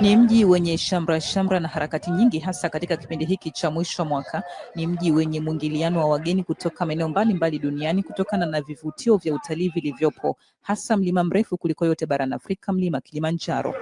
Ni mji wenye shamra shamra na harakati nyingi, hasa katika kipindi hiki cha mwisho wa mwaka. Ni mji wenye mwingiliano wa wageni kutoka maeneo mbalimbali duniani kutokana na vivutio vya utalii vilivyopo, hasa mlima mrefu kuliko yote barani Afrika, mlima Kilimanjaro.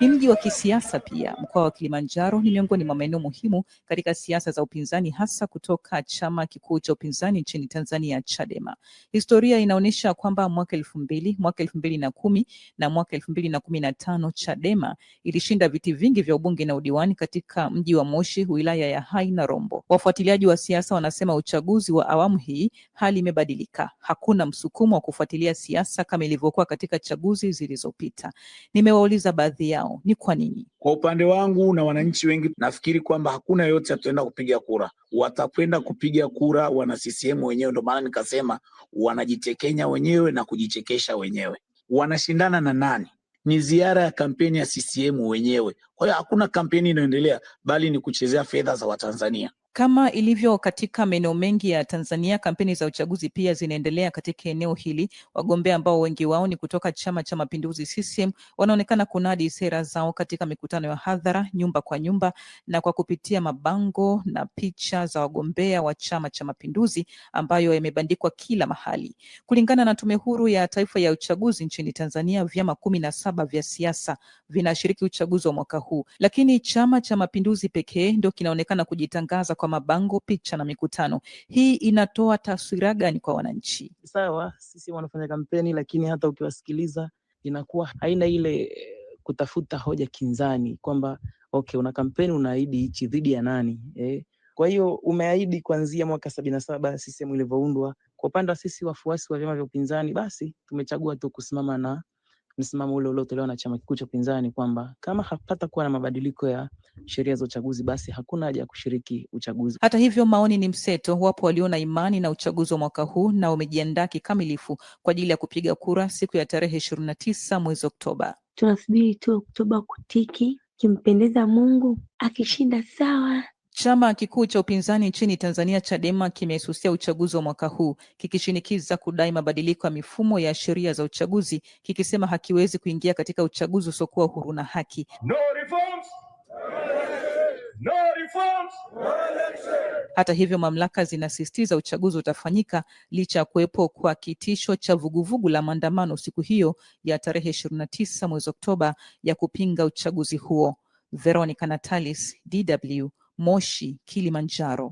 Ni mji wa kisiasa pia. Mkoa wa Kilimanjaro ni miongoni mwa maeneo muhimu katika siasa za upinzani, hasa kutoka chama kikuu cha upinzani nchini Tanzania, Chadema. Historia inaonyesha kwamba mwaka elfu mbili, mwaka elfu mbili na kumi na mwaka elfu mbili na kumi na tano Chadema ilishinda viti vingi vya ubunge na udiwani katika mji wa Moshi, wilaya ya Hai na Rombo. Wafuatiliaji wa siasa wanasema uchaguzi wa awamu hii hali imebadilika, hakuna msukumo wa kufuatilia siasa kama ilivyokuwa katika chaguzi zilizopita. Nimewauliza baadhi yao nao ni kwa nini? Kwa upande wangu na wananchi wengi, nafikiri kwamba hakuna yote ataenda kupiga kura, watakwenda kupiga kura wana CCM wenyewe. ndo maana nikasema wanajitekenya wenyewe na kujichekesha wenyewe. Wanashindana na nani? Ni ziara ya kampeni ya CCM wenyewe. Kwa hiyo hakuna kampeni inayoendelea, bali ni kuchezea fedha za Watanzania. Kama ilivyo katika maeneo mengi ya Tanzania, kampeni za uchaguzi pia zinaendelea katika eneo hili. Wagombea ambao wengi wao ni kutoka Chama cha Mapinduzi, CCM, wanaonekana kunadi sera zao katika mikutano ya hadhara, nyumba kwa nyumba, na kwa kupitia mabango na picha za wagombea wa Chama cha Mapinduzi ambayo yamebandikwa kila mahali. Kulingana na Tume Huru ya Taifa ya Uchaguzi nchini Tanzania, vyama kumi na saba vya siasa vinashiriki uchaguzi wa mwaka huu, lakini Chama cha Mapinduzi pekee ndio kinaonekana kujitangaza kwa kwa mabango, picha na mikutano. Hii inatoa taswira gani kwa wananchi? Sawa, sisi wanafanya kampeni, lakini hata ukiwasikiliza inakuwa haina ile eh, kutafuta hoja kinzani kwamba okay, una kampeni unaahidi hichi dhidi ya nani eh? Kwa hiyo umeahidi kuanzia mwaka sabini na saba CCM ilivyoundwa. Kwa upande wa sisi wafuasi wa vyama vya upinzani, basi tumechagua tu kusimama na msimamo ule uliotolewa na chama kikuu cha upinzani kwamba kama hapata kuwa na mabadiliko ya sheria za uchaguzi, basi hakuna haja ya kushiriki uchaguzi. Hata hivyo, maoni ni mseto. Wapo waliona imani na uchaguzi wa mwaka huu na wamejiandaa kikamilifu kwa ajili ya kupiga kura siku ya tarehe ishirini na tisa mwezi Oktoba. Tunasubiri tu Oktoba kutiki, kimpendeza Mungu akishinda sawa. Chama kikuu cha upinzani nchini Tanzania, Chadema, kimesusia uchaguzi wa mwaka huu kikishinikiza kudai mabadiliko ya mifumo ya sheria za uchaguzi, kikisema hakiwezi kuingia katika uchaguzi usiokuwa huru na haki. No reforms. No reforms, Hata hivyo, mamlaka zinasisitiza uchaguzi utafanyika licha ya kuwepo kwa kitisho cha vuguvugu la maandamano siku hiyo ya tarehe 29 mwezi Oktoba ya kupinga uchaguzi huo. Veronica Natalis, DW, Moshi, Kilimanjaro.